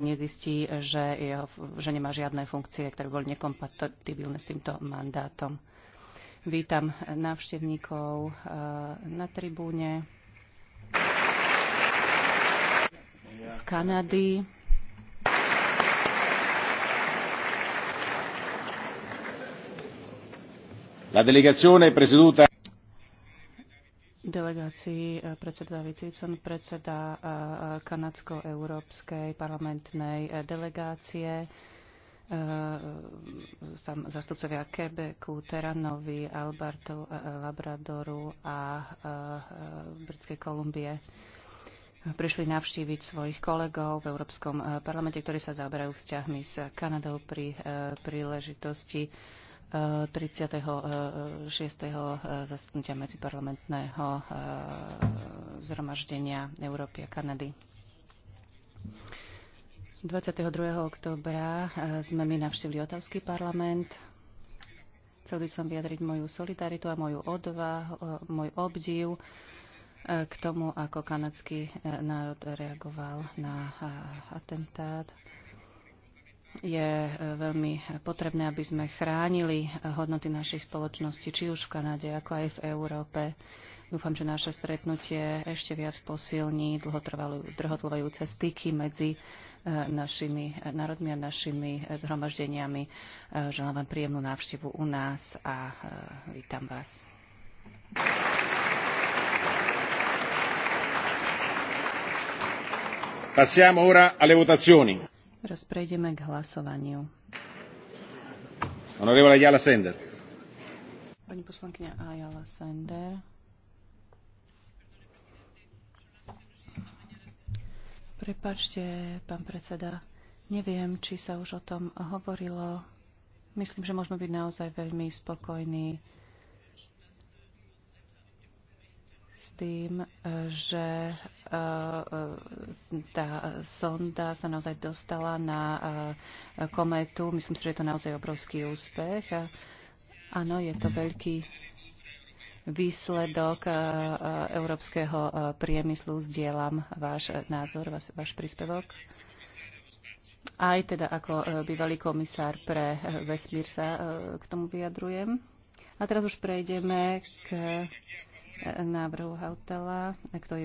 nezistí, že, je, že nemá žiadne funkcie, ktoré boli nekompatibilné s týmto mandátom. Vítam návštevníkov eh, na tribúne z Kanady. La delegazione presieduta delegácii e, predseda David Wilson, predseda e, e, kanadsko-európskej parlamentnej delegácie, tam zastupcovia Quebecu, Teranovi, Albertu, Labradoru a Britskej Kolumbie prišli navštíviť svojich kolegov v Európskom parlamente, ktorí sa zaoberajú vzťahmi s Kanadou pri príležitosti 36. Eh, eh, eh, zasadnutia medziparlamentného zhromaždenia Európy a Kanady. 22. oktobra sme my navštívili Otavský parlament. Chcel by som vyjadriť moju solidaritu a moju odvahu, môj obdiv k tomu, ako kanadský národ reagoval na atentát je e, veľmi potrebné, aby sme chránili e, hodnoty našich spoločností, či už v Kanade, ako aj v Európe. Dúfam, že naše stretnutie ešte viac posilní dlhotrvajúce styky medzi e, našimi národmi a našimi zhromaždeniami. Želám vám príjemnú návštevu u nás a vítam vás. Passiamo ora alle votazioni. Teraz prejdeme k hlasovaniu. Honorevole Jala Sender. Pani poslankyňa Ajala Sender. Prepačte, pán predseda, neviem, či sa už o tom hovorilo. Myslím, že môžeme byť naozaj veľmi spokojní tým, e, že e, e, tá sonda sa naozaj dostala na kometu. Myslím si, že je to naozaj obrovský úspech. Áno, je to veľký výsledok európskeho priemyslu. Zdieľam váš názor, váš, váš príspevok. Aj teda ako bývalý komisár pre vesmír sa k tomu vyjadrujem. A teraz už prejdeme k návrhu Hautala, Kto je